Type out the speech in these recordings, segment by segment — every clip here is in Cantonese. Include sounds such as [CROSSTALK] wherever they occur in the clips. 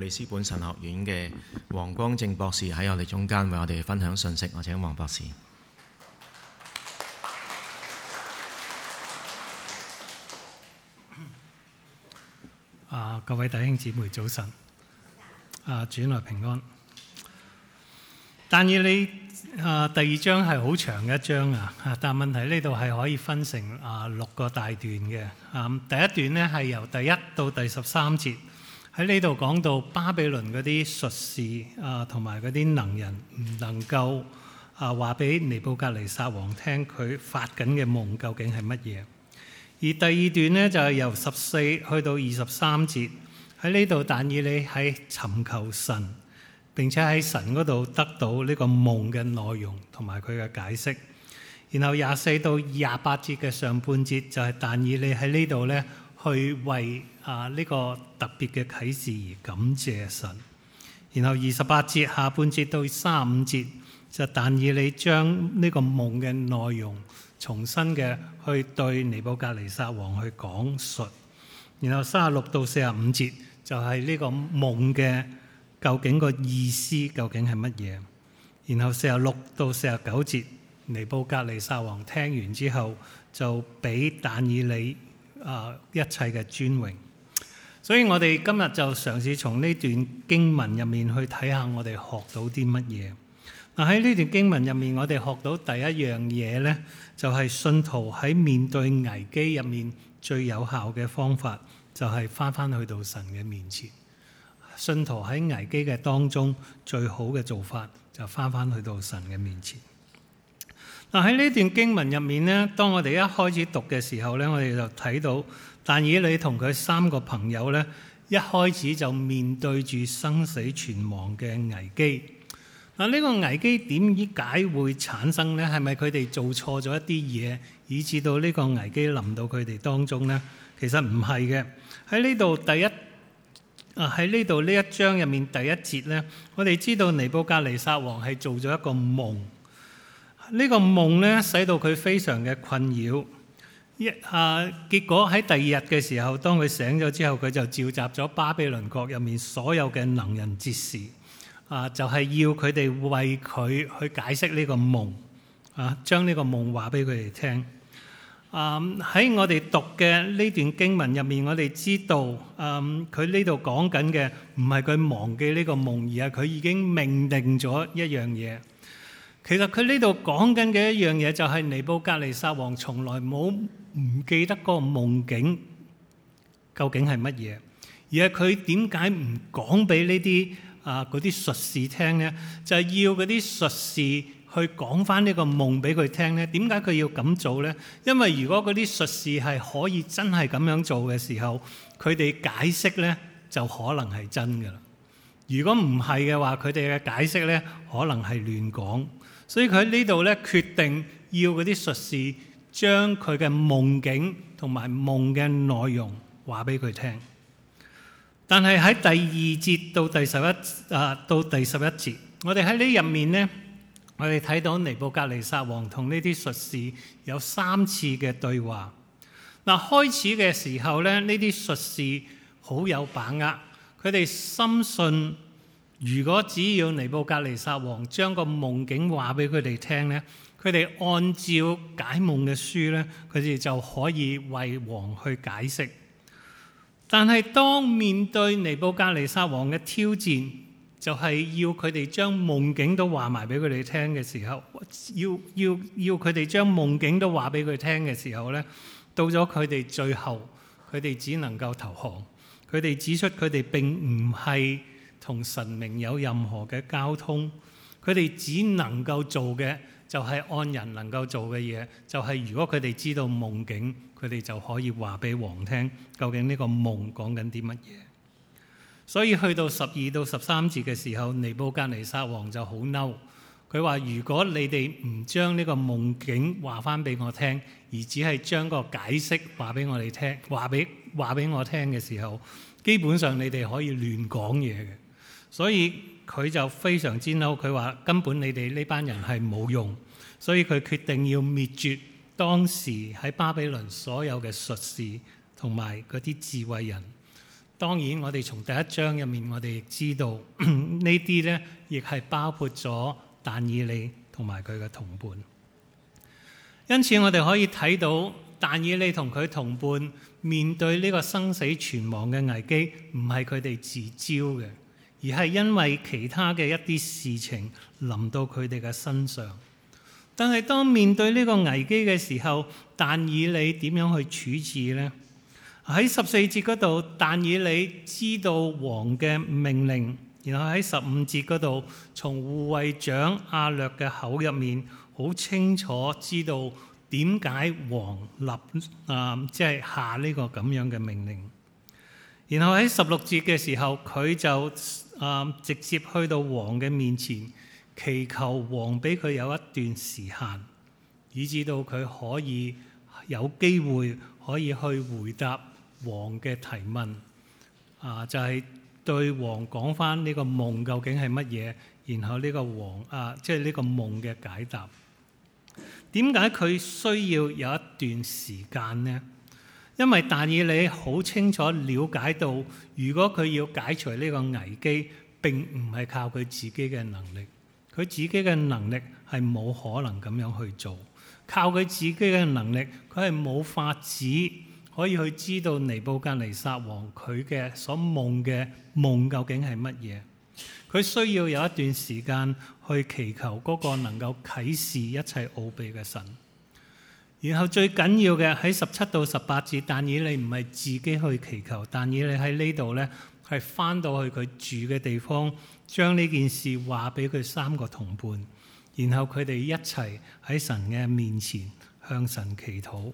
里斯本神學院嘅王光正博士喺我哋中間，為我哋分享信息。我請王博士。啊，各位弟兄姊妹，早晨。啊，主內平安。但以理啊，第二章係好長一章啊，但問題呢度係可以分成啊六個大段嘅。啊，第一段呢係由第一到第十三節。喺呢度講到巴比倫嗰啲術士啊，同埋嗰啲能人唔能夠啊話俾尼布格尼撒王聽佢發緊嘅夢究竟係乜嘢？而第二段呢，就係由十四去到二十三節，喺呢度但以理喺尋求神，並且喺神嗰度得到呢個夢嘅內容同埋佢嘅解釋。然後廿四到廿八節嘅上半節就係但以理喺呢度呢。去為啊呢個特別嘅啟示而感謝神，然後二十八節下半節到三五節就但以理將呢個夢嘅內容重新嘅去對尼布甲尼撒王去講述，然後三十六到四十五節就係呢個夢嘅究竟個意思究竟係乜嘢，然後四十六到四十九節尼布甲尼撒王聽完之後就俾但以理，啊！一切嘅尊榮，所以我哋今日就嘗試從呢段經文入面去睇下，我哋學到啲乜嘢。嗱，喺呢段經文入面，我哋學到第一樣嘢咧，就係信徒喺面對危機入面最有效嘅方法，就係翻翻去到神嘅面前。信徒喺危機嘅當中最好嘅做法，就翻翻去到神嘅面前。喺呢段經文入面呢，當我哋一開始讀嘅時候呢，我哋就睇到但以理同佢三個朋友呢，一開始就面對住生死存亡嘅危機。嗱、這、呢個危機點解會產生呢？係咪佢哋做錯咗一啲嘢，以致到呢個危機臨到佢哋當中呢？其實唔係嘅。喺呢度第一，啊，喺呢度呢一章入面第一節呢，我哋知道尼布甲尼撒王係做咗一個夢。呢個夢咧，使到佢非常嘅困擾。一啊，結果喺第二日嘅時候，當佢醒咗之後，佢就召集咗巴比倫國入面所有嘅能人哲士，啊，就係要佢哋為佢去解釋呢個夢，啊，將呢個夢話俾佢哋聽。啊，喺我哋讀嘅呢段經文入面，我哋知道，啊，佢呢度講緊嘅唔係佢忘記呢個夢，而係佢已經命定咗一樣嘢。其實佢呢度講緊嘅一樣嘢，就係尼布甲尼撒王從來冇唔記得嗰個夢境究竟係乜嘢，而係佢點解唔講俾呢啲啊，嗰啲術士聽咧？就係、是、要嗰啲術士去講翻呢個夢俾佢聽咧。點解佢要咁做咧？因為如果嗰啲術士係可以真係咁樣做嘅時候，佢哋解釋咧，就可能係真噶啦。如果唔係嘅話，佢哋嘅解釋咧可能係亂講。所以佢喺呢度咧，決定要嗰啲術士將佢嘅夢境同埋夢嘅內容話俾佢聽。但係喺第二節到第十一啊，到第十一節，我哋喺呢入面咧，我哋睇到尼布甲尼撒王同呢啲術士有三次嘅對話。嗱，開始嘅時候咧，呢啲術士好有把握，佢哋深信。如果只要尼布甲尼撒王將個夢境話俾佢哋聽呢，佢哋按照解夢嘅書呢，佢哋就可以為王去解釋。但係當面對尼布甲尼撒王嘅挑戰，就係要佢哋將夢境都話埋俾佢哋聽嘅時候，要要要佢哋將夢境都話俾佢聽嘅時候呢，到咗佢哋最後，佢哋只能夠投降。佢哋指出佢哋並唔係。同神明有任何嘅交通，佢哋只能夠做嘅就係、是、按人能夠做嘅嘢，就係、是、如果佢哋知道夢境，佢哋就可以話俾王聽究竟呢個夢講緊啲乜嘢。所以去到十二到十三節嘅時候，尼布加尼撒王就好嬲，佢話，如果你哋唔將呢個夢境話翻俾我聽，而只係將個解釋話俾我哋聽，話俾話俾我聽嘅時候，基本上你哋可以亂講嘢嘅。所以佢就非常之嬲，佢話根本你哋呢班人係冇用，所以佢決定要滅絕當時喺巴比倫所有嘅術士同埋嗰啲智慧人。當然，我哋從第一章入面，我哋亦知道 [COUGHS] 這些呢啲咧亦係包括咗但以理同埋佢嘅同伴。因此，我哋可以睇到但以理同佢同伴面對呢個生死存亡嘅危機，唔係佢哋自招嘅。而係因為其他嘅一啲事情臨到佢哋嘅身上，但係當面對呢個危機嘅時候，但以理點樣去處置呢？喺十四節嗰度，但以理知道王嘅命令，然後喺十五節嗰度，從護衛長亞略嘅口入面，好清楚知道點解王立即係、呃就是、下呢個咁樣嘅命令。然後喺十六節嘅時候，佢就。啊！直接去到王嘅面前，祈求王俾佢有一段時限，以至到佢可以有機會可以去回答王嘅提問。啊，就係、是、對王講翻呢個夢究竟係乜嘢，然後呢個王啊，即係呢個夢嘅解答。點解佢需要有一段時間呢？因為但以利好清楚了解到，如果佢要解除呢個危機，並唔係靠佢自己嘅能力，佢自己嘅能力係冇可能咁樣去做。靠佢自己嘅能力，佢係冇法子可以去知道尼布甲尼撒王佢嘅所夢嘅夢究竟係乜嘢？佢需要有一段時間去祈求嗰個能夠啟示一切奧秘嘅神。然後最緊要嘅喺十七到十八節，但以利唔係自己去祈求，但以利喺呢度咧係翻到去佢住嘅地方，將呢件事話俾佢三個同伴，然後佢哋一齊喺神嘅面前向神祈禱，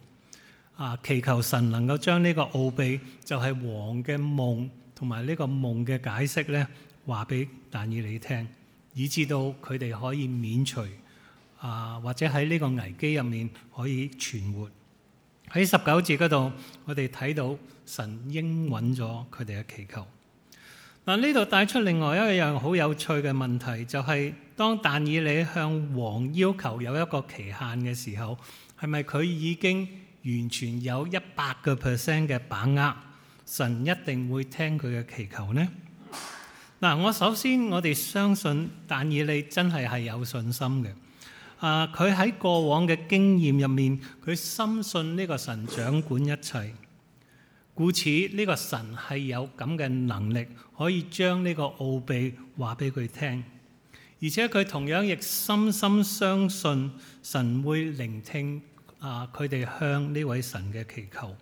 啊，祈求神能夠將呢個奧秘就是，就係王嘅夢同埋呢個夢嘅解釋咧，話俾但以利聽，以至到佢哋可以免除。啊！或者喺呢個危機入面可以存活。喺十九節嗰度，我哋睇到神應允咗佢哋嘅祈求。嗱、啊，呢度帶出另外一樣好有趣嘅問題，就係、是、當但以理向王要求有一個期限嘅時候，係咪佢已經完全有一百個 percent 嘅把握，神一定會聽佢嘅祈求呢？嗱、啊，我首先我哋相信但以理真係係有信心嘅。啊！佢喺過往嘅經驗入面，佢深信呢個神掌管一切，故此呢個神係有咁嘅能力，可以將呢個奧祕話俾佢聽。而且佢同樣亦深深相信神會聆聽啊！佢哋向呢位神嘅祈求，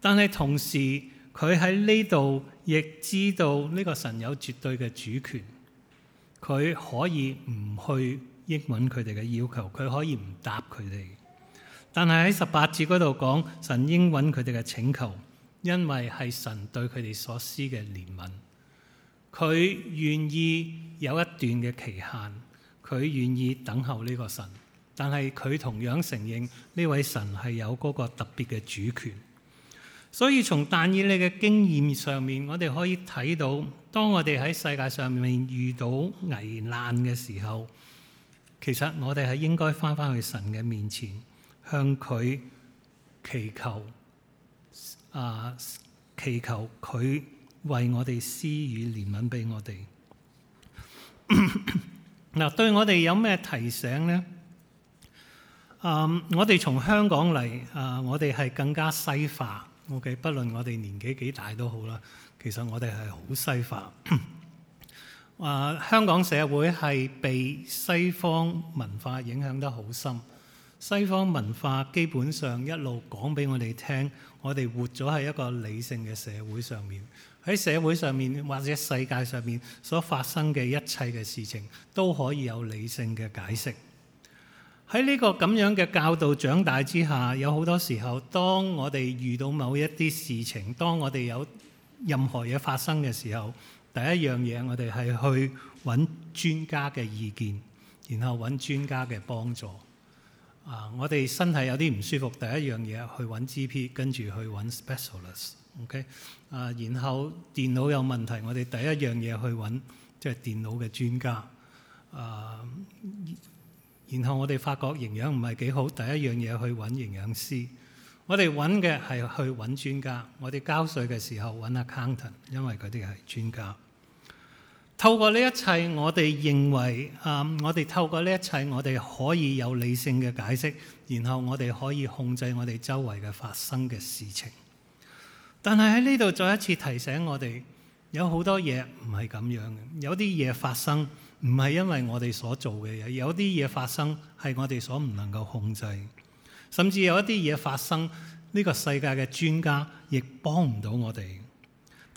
但係同時佢喺呢度亦知道呢個神有絕對嘅主權，佢可以唔去。應允佢哋嘅要求，佢可以唔答佢哋。但係喺十八節嗰度講，神應允佢哋嘅請求，因為係神對佢哋所施嘅憐憫。佢願意有一段嘅期限，佢願意等候呢個神。但係佢同樣承認呢位神係有嗰個特別嘅主權。所以從但以理嘅經驗上面，我哋可以睇到，當我哋喺世界上面遇到危難嘅時候。其實我哋係應該翻返去神嘅面前，向佢祈求啊，祈求佢為我哋施予憐憫俾我哋。嗱， [COUGHS] 對我哋有咩提醒咧？啊、um，我哋從香港嚟啊，uh, 我哋係更加西化。OK，不論我哋年紀幾大都好啦。其實我哋係好西化。 [COUGHS] 呃，香港社會係被西方文化影響得好深，西方文化基本上一路講俾我哋聽，我哋活咗喺一個理性嘅社會上面。喺社會上面或者世界上面所發生嘅一切嘅事情，都可以有理性嘅解釋。喺呢個咁樣嘅教導長大之下，有好多時候，當我哋遇到某一啲事情，當我哋有任何嘢發生嘅時候。第一樣嘢，我哋係去揾專家嘅意見，然後揾專家嘅幫助。啊，我哋身體有啲唔舒服，第一樣嘢去揾 GP，跟住去揾 specialist，OK？Okay? 啊，然後電腦有問題，我哋第一樣嘢去揾即係電腦嘅專家。啊，然後我哋發覺營養唔係幾好，第一樣嘢去揾營養師。我哋揾嘅係去揾專家。我哋交稅嘅時候揾 accountant 因為佢哋係專家。透過呢一切，我哋認為啊、嗯，我哋透過呢一切，我哋可以有理性嘅解釋，然後我哋可以控制我哋周圍嘅發生嘅事情。但係喺呢度再一次提醒我哋，有好多嘢唔係咁樣嘅，有啲嘢發生唔係因為我哋所做嘅嘢，有啲嘢發生係我哋所唔能夠控制，甚至有一啲嘢發生，呢個世界嘅專家亦幫唔到我哋。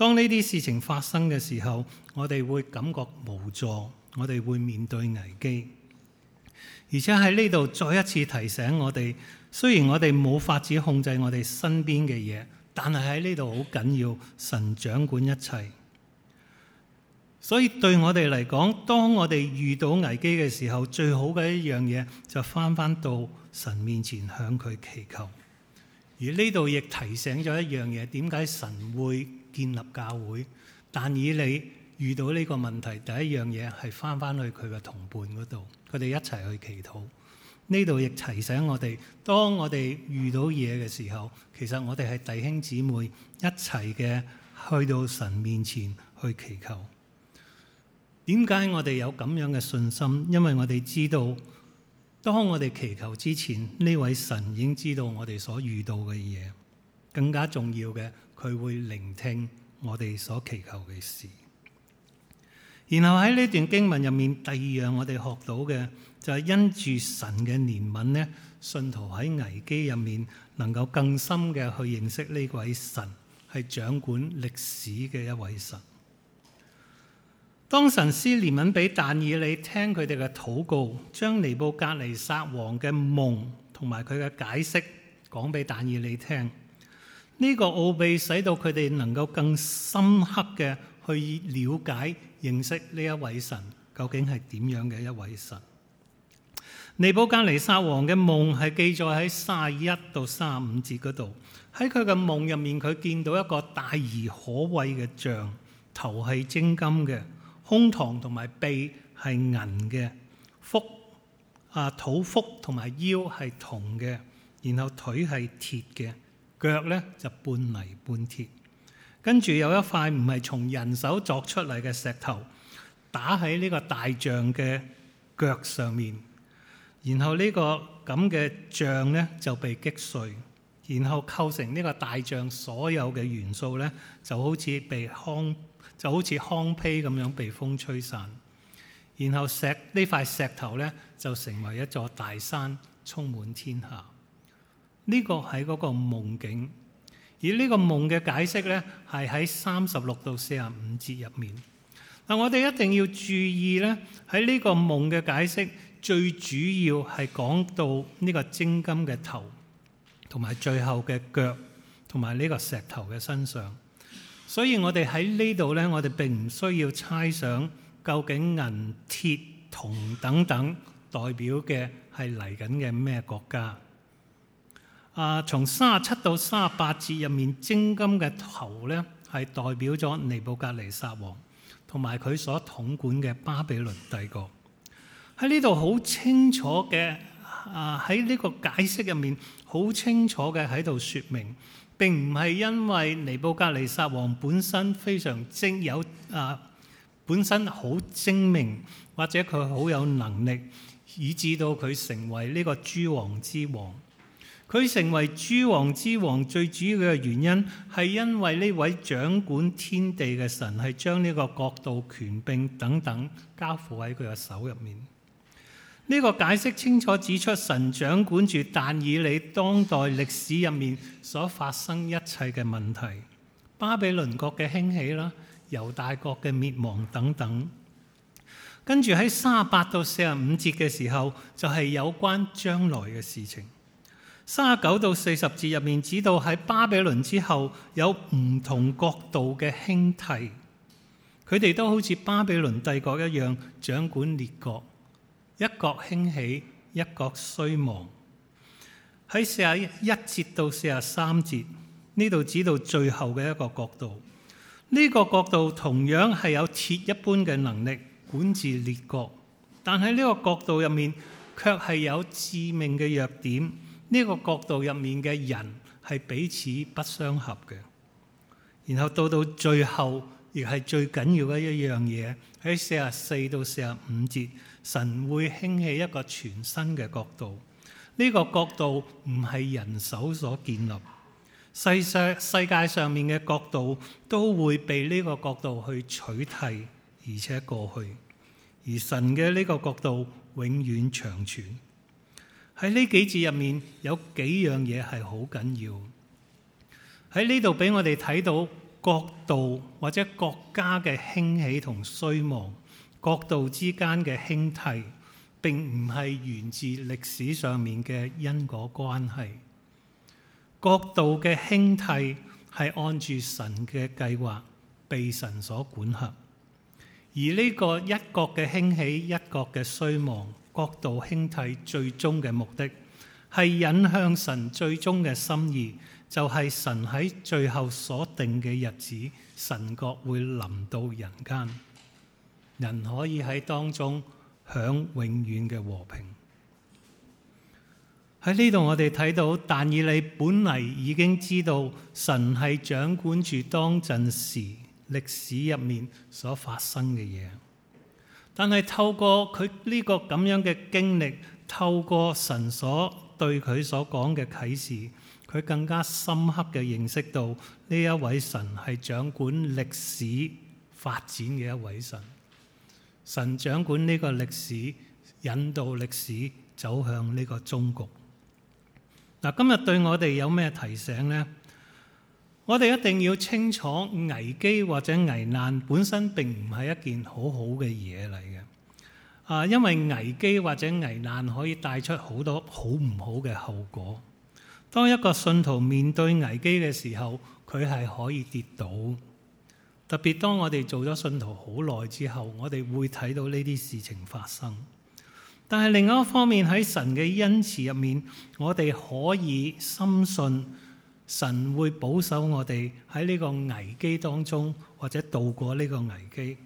當呢啲事情發生嘅時候，我哋會感覺無助，我哋會面對危機，而且喺呢度再一次提醒我哋：雖然我哋冇法子控制我哋身邊嘅嘢，但係喺呢度好緊要，神掌管一切。所以對我哋嚟講，當我哋遇到危機嘅時候，最好嘅一樣嘢就返返到神面前向佢祈求。而呢度亦提醒咗一樣嘢，點解神會？建立教會，但以理遇到呢個問題，第一樣嘢係翻翻去佢嘅同伴嗰度，佢哋一齊去祈禱。呢度亦提醒我哋，當我哋遇到嘢嘅時候，其實我哋係弟兄姊妹一齊嘅，去到神面前去祈求。點解我哋有咁樣嘅信心？因為我哋知道，當我哋祈求之前，呢位神已經知道我哋所遇到嘅嘢。更加重要嘅。佢會聆聽我哋所祈求嘅事，然後喺呢段經文入面，第二樣我哋學到嘅就係、是、因住神嘅憐憫呢，信徒喺危機入面能夠更深嘅去認識呢位神，係掌管歷史嘅一位神。當神施憐憫俾但以理聽，佢哋嘅禱告，將尼布甲尼撒王嘅夢同埋佢嘅解釋講俾但以理聽。呢個奧秘使到佢哋能夠更深刻嘅去了解認識呢一位神究竟係點樣嘅一位神。尼布甲尼撒王嘅夢係記載喺卅一到卅五節嗰度。喺佢嘅夢入面，佢見到一個大而可畏嘅像，頭係精金嘅，胸膛同埋臂係銀嘅，腹啊，肚腹同埋腰係銅嘅，然後腿係鐵嘅。腳咧就半泥半鐵，跟住有一塊唔係從人手作出嚟嘅石頭，打喺呢個大像嘅腳上面，然後這個這呢個咁嘅像咧就被擊碎，然後構成呢個大像所有嘅元素咧，就好似被糠就好似糠秕咁樣被風吹散，然後石呢塊石頭咧就成為一座大山，充滿天下。呢個係嗰個夢境，而呢個夢嘅解釋呢，係喺三十六到四十五節入面。嗱，我哋一定要注意呢，喺呢個夢嘅解釋，最主要係講到呢個精金嘅頭，同埋最後嘅腳，同埋呢個石頭嘅身上。所以我哋喺呢度呢，我哋並唔需要猜想究竟銀、鐵、銅等等代表嘅係嚟緊嘅咩國家。啊！從三十七到三十八節入面，精金嘅頭咧係代表咗尼布格尼撒王，同埋佢所統管嘅巴比倫帝國。喺呢度好清楚嘅啊！喺呢個解釋入面，好清楚嘅喺度説明，並唔係因為尼布格尼撒王本身非常精有啊，本身好精明或者佢好有能力，以至到佢成為呢個諸王之王。佢成為諸王之王最主要嘅原因係因為呢位掌管天地嘅神係將呢個國度權柄等等交付喺佢嘅手入面。呢、這個解釋清楚指出神掌管住但以理當代歷史入面所發生一切嘅問題，巴比倫國嘅興起啦、猶大國嘅滅亡等等。跟住喺三十八到四十五節嘅時候，就係、是、有關將來嘅事情。三十九到四十節入面，指到喺巴比倫之後有唔同國度嘅興替，佢哋都好似巴比倫帝國一樣掌管列國，一國興起，一國衰亡。喺四十一節到四十三節呢度指到最後嘅一個國度，呢、這個國度同樣係有鐵一般嘅能力管治列國，但喺呢個國度入面卻係有致命嘅弱點。呢個國度入面嘅人係彼此不相合嘅，然後到到最後，亦係最緊要嘅一樣嘢喺四十四到四十五節，神會興起一個全新嘅國度。呢個國度唔係人手所建立，世上世界上面嘅國度都會被呢個國度去取替，而且過去，而神嘅呢個國度永遠長存。喺呢幾節入面有幾樣嘢係好緊要。喺呢度畀我哋睇到國度或者國家嘅興起同衰亡，國度之間嘅興替，並唔係源自歷史上面嘅因果關係。國度嘅興替係按住神嘅計劃被神所管轄，而呢個一國嘅興起，一國嘅衰亡。國度更替最終嘅目的，係引向神最終嘅心意，就係、是、神喺最後所定嘅日子，神國會臨到人間，人可以喺當中享永遠嘅和平。喺呢度我哋睇到，但以理本嚟已經知道神係掌管住當陣時歷史入面所發生嘅嘢。但係透過佢呢個咁樣嘅經歷，透過神所對佢所講嘅啟示，佢更加深刻嘅認識到呢一位神係掌管歷史發展嘅一位神，神掌管呢個歷史，引導歷史走向呢個終局。嗱，今日對我哋有咩提醒呢？我哋一定要清楚，危機或者危難本身並唔係一件好好嘅嘢嚟嘅。啊，因為危機或者危難可以帶出好多好唔好嘅後果。當一個信徒面對危機嘅時候，佢係可以跌倒。特別當我哋做咗信徒好耐之後，我哋會睇到呢啲事情發生。但係另外一方面，喺神嘅恩慈入面，我哋可以深信。神會保守我哋喺呢個危機當中，或者度過呢個危機。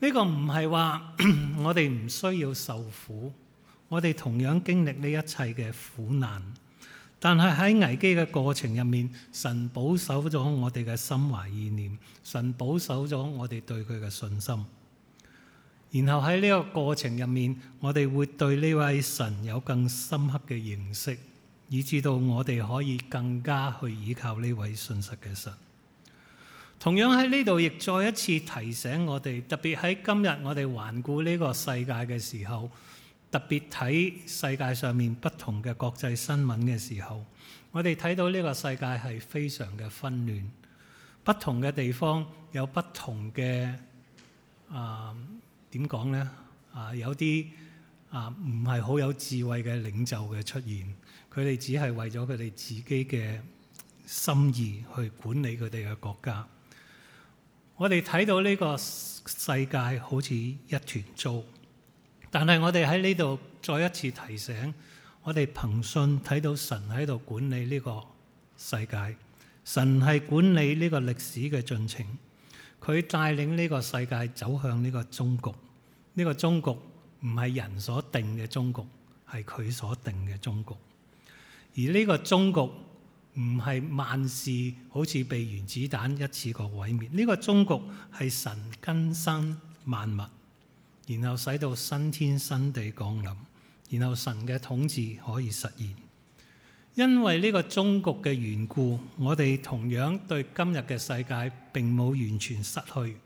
呢個唔係話我哋唔需要受苦，我哋同樣經歷呢一切嘅苦難。但係喺危機嘅過程入面，神保守咗我哋嘅心懷意念，神保守咗我哋對佢嘅信心。然後喺呢個過程入面，我哋會對呢位神有更深刻嘅認識。以至到我哋可以更加去依靠呢位信實嘅神。同樣喺呢度，亦再一次提醒我哋，特別喺今日我哋環顧呢個世界嘅時候，特別睇世界上面不同嘅國際新聞嘅時候，我哋睇到呢個世界係非常嘅紛亂，不同嘅地方有不同嘅，啊點講呢？啊、呃，有啲啊唔係好有智慧嘅領袖嘅出現。佢哋只係為咗佢哋自己嘅心意去管理佢哋嘅國家。我哋睇到呢個世界好似一團糟，但係我哋喺呢度再一次提醒我哋，憑信睇到神喺度管理呢個世界。神係管理呢個歷史嘅進程，佢帶領呢個世界走向呢個終局。呢個終局唔係人所定嘅終局，係佢所定嘅終局。而呢個終局唔係萬事好似被原子彈一次過毀滅，呢、這個終局係神更新萬物，然後使到新天新地降臨，然後神嘅統治可以實現。因為呢個終局嘅緣故，我哋同樣對今日嘅世界並冇完全失去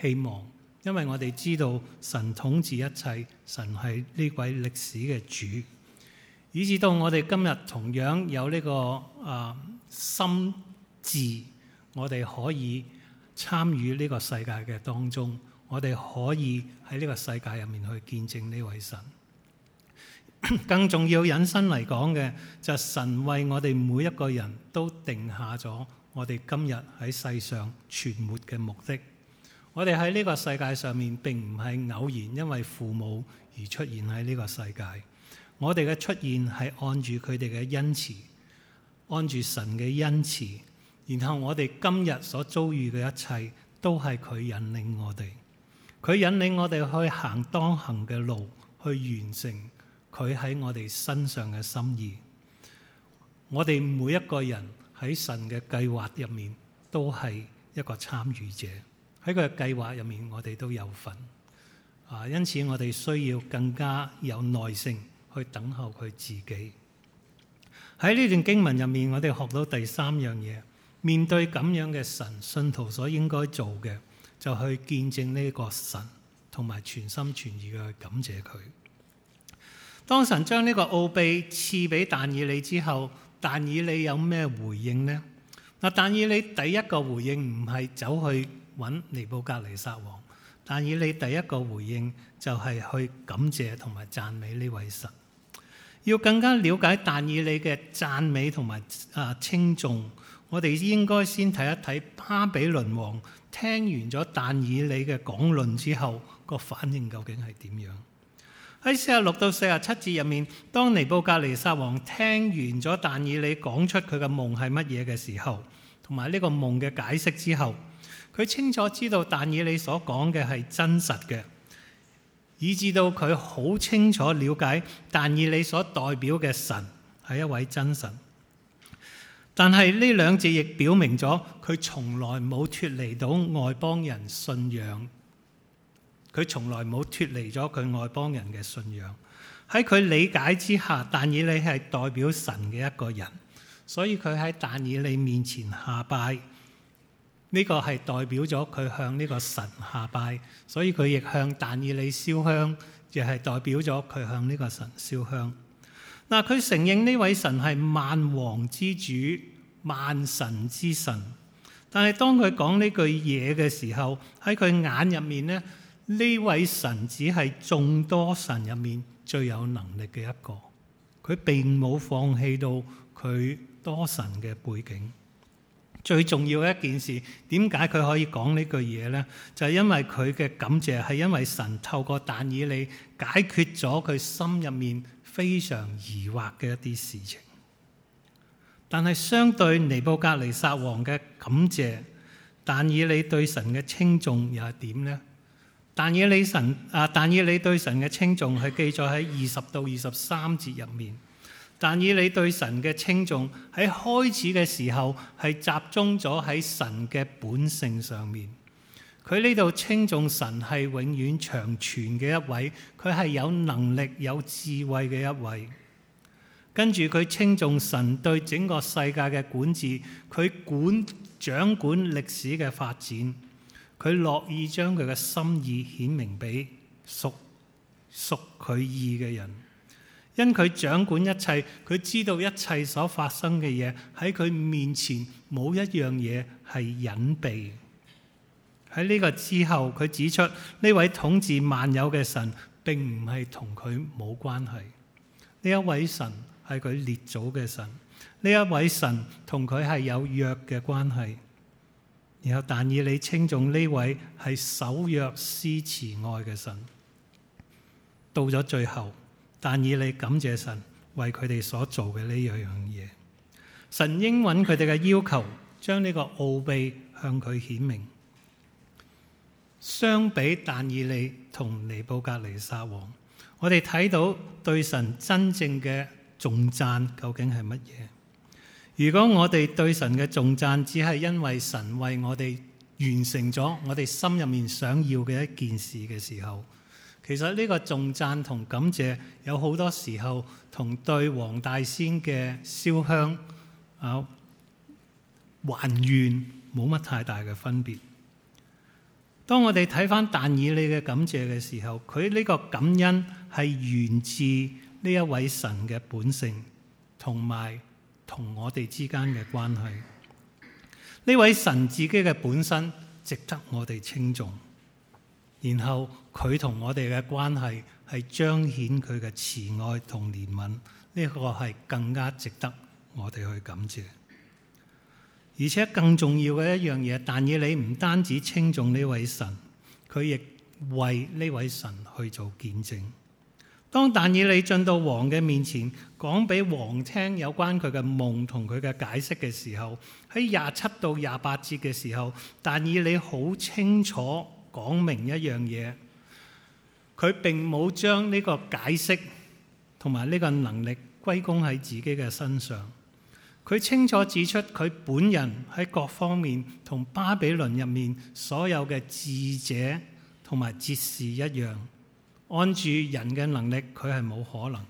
希望，因為我哋知道神統治一切，神係呢位歷史嘅主。以至到我哋今日同樣有呢個啊心智，我哋可以參與呢個世界嘅當中，我哋可以喺呢個世界入面去見證呢位神。更重要引申嚟講嘅就係神為我哋每一個人都定下咗我哋今日喺世上存活嘅目的。我哋喺呢個世界上面並唔係偶然，因為父母而出現喺呢個世界。我哋嘅出現係按住佢哋嘅恩慈，按住神嘅恩慈，然後我哋今日所遭遇嘅一切，都係佢引領我哋。佢引領我哋去行當行嘅路，去完成佢喺我哋身上嘅心意。我哋每一個人喺神嘅計劃入面，都係一個參與者。喺佢計劃入面，我哋都有份。啊，因此我哋需要更加有耐性。去等候佢自己。喺呢段經文入面，我哋學到第三樣嘢：面對咁樣嘅神，信徒所應該做嘅就去見證呢個神，同埋全心全意嘅去感謝佢。當神將呢個奧秘賜俾但以理之後，但以理有咩回應呢？嗱，但以理第一個回應唔係走去揾尼布甲尼撒王，但以理第一個回應就係去感謝同埋讚美呢位神。.要更加了解但以理嘅讚美同埋啊稱重，我哋應該先睇一睇巴比倫王聽完咗但以理嘅講論之後，個反應究竟係點樣？喺四十六到四十七節入面，當尼布甲尼撒王聽完咗但以理講出佢嘅夢係乜嘢嘅時候，同埋呢個夢嘅解釋之後，佢清楚知道但以理所講嘅係真實嘅。以至到佢好清楚了解，但以利所代表嘅神係一位真神。但係呢兩字亦表明咗，佢從來冇脫離到外邦人信仰，佢從來冇脫離咗佢外邦人嘅信仰。喺佢理解之下，但以利係代表神嘅一個人，所以佢喺但以利面前下拜。呢個係代表咗佢向呢個神下拜，所以佢亦向但以理燒香，亦係代表咗佢向呢個神燒香。嗱，佢承認呢位神係萬王之主、萬神之神，但係當佢講呢句嘢嘅時候，喺佢眼入面咧，呢位神只係眾多神入面最有能力嘅一個，佢並冇放棄到佢多神嘅背景。最重要一件事，點解佢可以講呢句嘢呢？就係因為佢嘅感謝係因為神透過但以理解決咗佢心入面非常疑惑嘅一啲事情。但係相對尼布甲尼撒王嘅感謝，但以理對神嘅稱重又係點呢？但以理神啊，但以理對神嘅稱重係記載喺二十到二十三節入面。但以理對神嘅稱頌，喺開始嘅時候係集中咗喺神嘅本性上面。佢呢度稱頌神係永遠長存嘅一位，佢係有能力有智慧嘅一位。跟住佢稱頌神對整個世界嘅管治，佢管掌管歷史嘅發展，佢樂意將佢嘅心意顯明俾屬屬佢意嘅人。因佢掌管一切，佢知道一切所發生嘅嘢，喺佢面前冇一樣嘢係隱蔽。喺呢個之後，佢指出呢位統治萬有嘅神，並唔係同佢冇關係。呢一位神係佢列祖嘅神，呢一位神同佢係有約嘅關係。然後但以理稱頌呢位係守約施慈愛嘅神。到咗最後。但以理感謝神為佢哋所做嘅呢樣嘢，神應允佢哋嘅要求，將呢個奧秘向佢顯明。相比但以理同尼布格尼撒王，我哋睇到對神真正嘅重讚究竟係乜嘢？如果我哋對神嘅重讚只係因為神為我哋完成咗我哋心入面想要嘅一件事嘅時候，其實呢個頌讚同感謝有好多時候同對黃大仙嘅燒香啊、還願冇乜太大嘅分別。當我哋睇翻但以理嘅感謝嘅時候，佢呢個感恩係源自呢一位神嘅本性，同埋同我哋之間嘅關係。呢位神自己嘅本身值得我哋尊重。然後佢同我哋嘅關係係彰顯佢嘅慈愛同憐憫，呢、這個係更加值得我哋去感謝。而且更重要嘅一樣嘢，但以理唔單止稱重呢位神，佢亦為呢位神去做見證。當但以理進到王嘅面前，講俾王聽有關佢嘅夢同佢嘅解釋嘅時候，喺廿七到廿八節嘅時候，但以理好清楚。講明一樣嘢，佢並冇將呢個解釋同埋呢個能力歸功喺自己嘅身上。佢清楚指出，佢本人喺各方面同巴比倫入面所有嘅智者同埋哲士一樣，按住人嘅能力，佢係冇可能。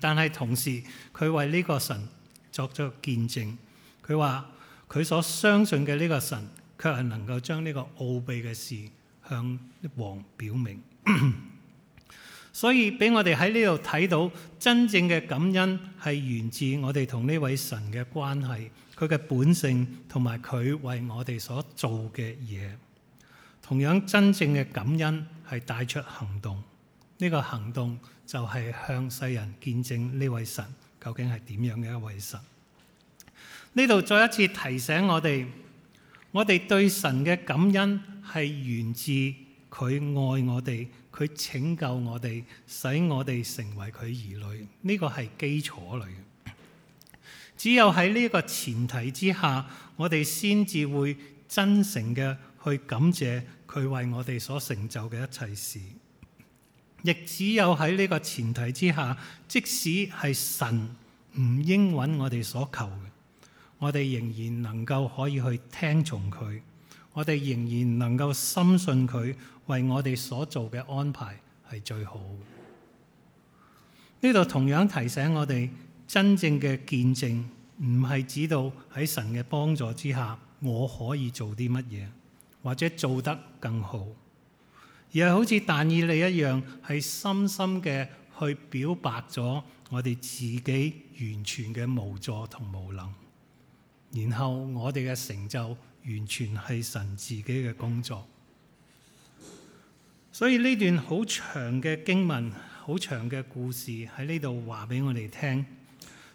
但係同時，佢為呢個神作咗見證。佢話：佢所相信嘅呢個神，卻係能夠將呢個奧秘嘅事。向王表明， [COUGHS] 所以俾我哋喺呢度睇到真正嘅感恩係源自我哋同呢位神嘅關係、佢嘅本性同埋佢為我哋所做嘅嘢。同樣，真正嘅感恩係帶出行動，呢個行動就係向世人見證呢位神究竟係點樣嘅一位神。呢度再一次提醒我哋。我哋對神嘅感恩係源自佢愛我哋，佢拯救我哋，使我哋成為佢兒女，呢個係基礎嚟嘅。只有喺呢個前提之下，我哋先至會真誠嘅去感謝佢為我哋所成就嘅一切事。亦只有喺呢個前提之下，即使係神唔應允我哋所求嘅。我哋仍然能夠可以去聽從佢，我哋仍然能夠深信佢為我哋所做嘅安排係最好的。呢度同樣提醒我哋，真正嘅見證唔係指到喺神嘅幫助之下，我可以做啲乜嘢或者做得更好，而係好似但以利一樣，係深深嘅去表白咗我哋自己完全嘅無助同無能。然後我哋嘅成就完全係神自己嘅工作，所以呢段好長嘅經文、好長嘅故事喺呢度話俾我哋聽。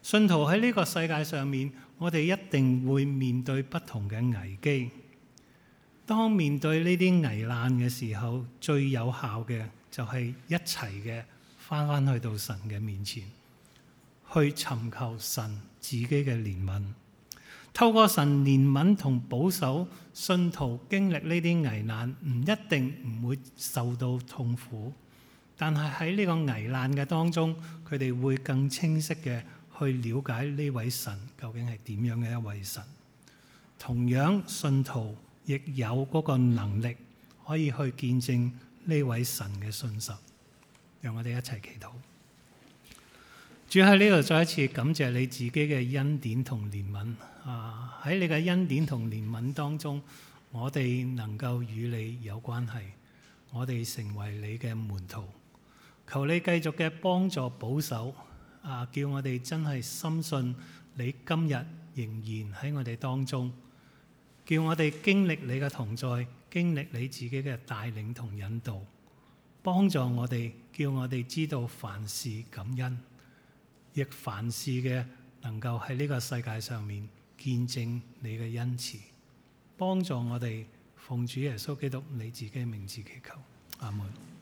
信徒喺呢個世界上面，我哋一定會面對不同嘅危機。當面對呢啲危難嘅時候，最有效嘅就係一齊嘅返返去到神嘅面前，去尋求神自己嘅憐憫。透過神憐憫同保守，信徒經歷呢啲危難，唔一定唔會受到痛苦，但係喺呢個危難嘅當中，佢哋會更清晰嘅去了解呢位神究竟係點樣嘅一位神。同樣，信徒亦有嗰個能力可以去見證呢位神嘅信實。讓我哋一齊祈禱。主喺呢度，再一次感謝你自己嘅恩典同憐憫啊！喺你嘅恩典同憐憫當中，我哋能夠與你有關係，我哋成為你嘅門徒。求你繼續嘅幫助保守啊！叫我哋真係深信你今日仍然喺我哋當中，叫我哋經歷你嘅同在，經歷你自己嘅帶領同引導，幫助我哋，叫我哋知道凡事感恩。亦凡事嘅能夠喺呢個世界上面見證你嘅恩賜，幫助我哋奉主耶穌基督你自己名字祈求，阿門。